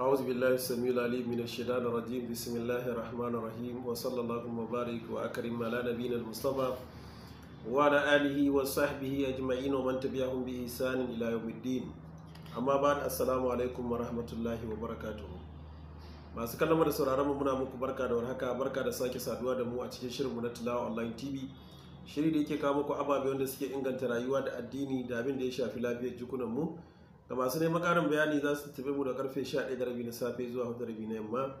أعوذ بالله السميع العليم من الشيطان الرجيم بسم الله الرحمن الرحيم وصلى الله وبارك وأكرم على نبينا المصطفى وعلى آله وصحبه أجمعين ومن تبعهم بإحسان إلى يوم الدين أما بعد السلام عليكم ورحمة الله وبركاته masu kallon da sauraron mu muna muku barka da warhaka barka da sake saduwa da mu a cikin shirin mu na tilawa online tv shiri da yake kawo muku ababe wanda suke inganta rayuwa da addini da abin da ya shafi lafiyar jikunan mu ga masu neman ƙarin bayani za su tafi mu da karfe 11 da rabi na safe zuwa 4 da na yamma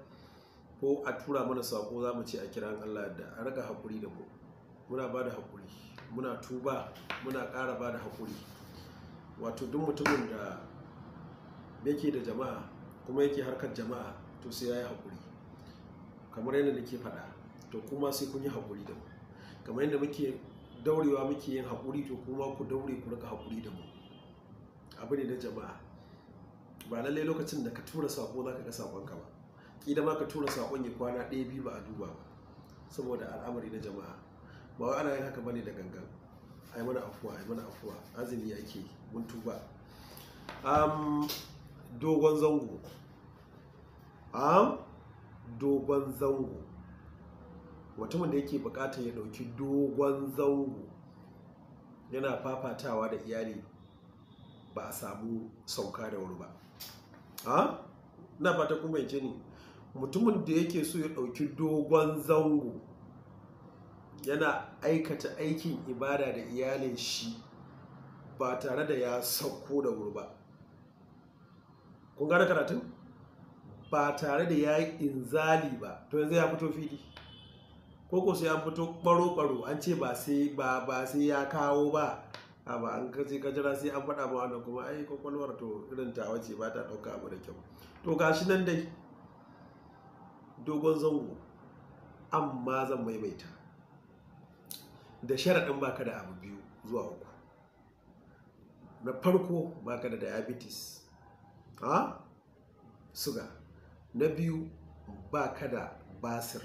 ko a tura mana sako za mu ce a kiran Allah da a raka hakuri da mu muna ba da hakuri muna tuba muna ƙara ba da hakuri wato duk mutumin da yake da jama'a kuma yake harkar jama'a to sai ya yi hakuri kamar yadda nake faɗa to kuma sai kun yi hakuri da mu kamar yadda muke daurewa muke yin hakuri to kuma ku daure ku raka hakuri da mu abu ne na jama'a ba lallai lokacin da ka tura sako za ka ga ka ba ƙida ma ka tura sakon ya kwana ɗaya biyu ba a duba ba saboda al'amari na jama'a ba wai ana yin haka bane da gangan ai mana afuwa ai mana afuwa azumi yake mun tuba um, dogon zango um, dogon zango mutumin da yake bukatar ya dauki dogon zango yana fafatawa da iyali ba a samu sauka da wuri ba ha na fata kuma yake ni mutumin da yake so ya ɗauki dogon zango yana aikata aikin ibada da iyalin shi ba tare da ya sauko da wuri ba kun gane karatun ba tare da ya yi inzali ba to yanzu ya fito fili ko ko sai an fito baro-baro an ce ba sai ya kawo ba A'a ba an kace ka jira sai an faɗa ma kuma ai kwakwalwar to irin ta wace ba ta ɗauka abu da kyau to gashi nan dai dogon zango amma zan maimaita da sharaɗin baka da abu biyu zuwa uku na farko baka da diabetes ha suga na biyu baka da basir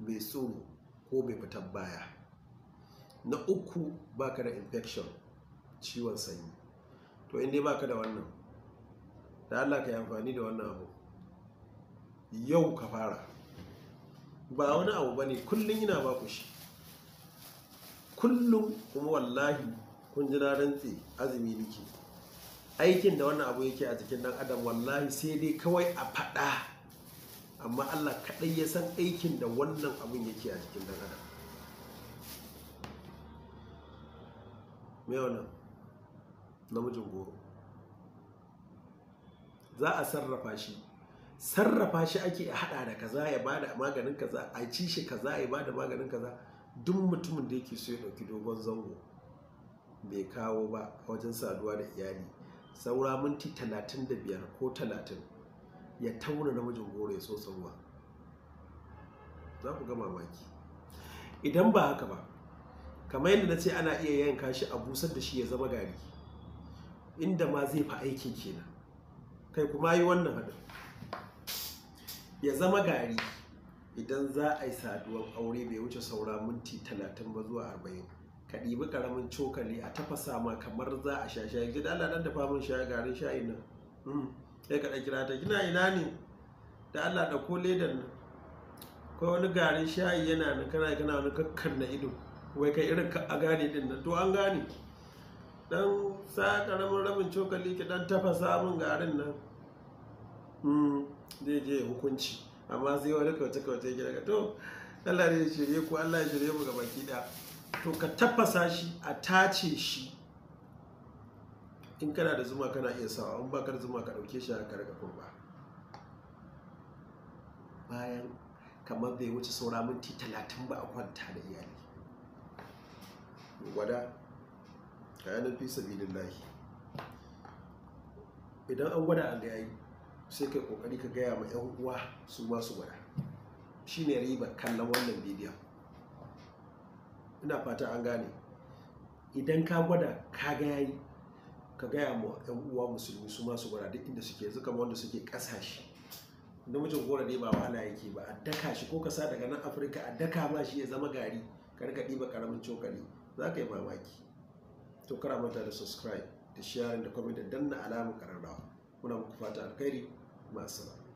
mai tsoro ko mai fitan baya na uku baka da infection ciwon sanyi to inda baka da wannan da Allah ka yi amfani da wannan abu yau ka fara ba wani abu ba ne kullum yana ba ku shi kullum kuma wallahi kun ji na azumi nake aikin da wannan abu yake a cikin dan adam wallahi sai dai kawai a faɗa amma Allah kaɗai ya san aikin da wannan abun yake a cikin dan adam mai wannan namijin goro za a sarrafa shi sarrafa shi ake hada da kaza ya bada maganin kaza a ci shi kaza ya bada maganin kaza duk mutumin da yake so ya dauki dogon zango bai kawo ba wajen saduwa da iyali saura minti 35 ko 30 ya tauna namijin goro ya so sanwa za ku ga mamaki idan ba haka ba kamar yadda na ce ana iya yanka shi a busar da shi ya zama gari inda ma zai fa aikin kenan kai kuma yi wannan haɗin ya zama gari idan za a yi saduwar aure bai wuce saura minti talatin ba zuwa arba'in ka ɗibi ƙaramin cokali a tafasa ma kamar za a sha shayi gida Allah dan dafa min shayi garin shayi nan mm, sai ka ɗan kira ta kina ina ne da Allah da ko ledan nan ko wani garin shayi yana nan kana kana wani kakkan na ido wai kai irin ka a gane din nan to an gane dan sa karamin rabin cokali ki dan tafasa min garin nan mm zai je hukunci amma sai wani kauce kauce ki daga to Allah ne ya shirye ku Allah ya shirye mu ga baki da to ka tafasa shi a tace shi in kana da zuma kana iya sawa in ka da zuma ka dauke shi a karga kurba bayan kamar bai wuce saura minti talatin ba a kwanta da iyali gwada ta yanar fi lahi idan an gwada an yayi sai kai kokari ka gaya ma yan uwa su ma su gwada shine riba kallon wannan bidiyon ina fata an gane idan ka gwada ka gayayi ka gaya ma yan uwa musulmi su ma su gwada duk inda suke zuka wanda suke kasashe namijin gora ne ba wahala yake ba a daka shi ko ka sa daga nan afirka a daka ma shi ya zama gari ka rika ɗiba ƙaramin cokali za ka yi mamaki to kara manta da subscribe da sharing da comment da danna alamun kararrawa muna muku fata alkhairi masu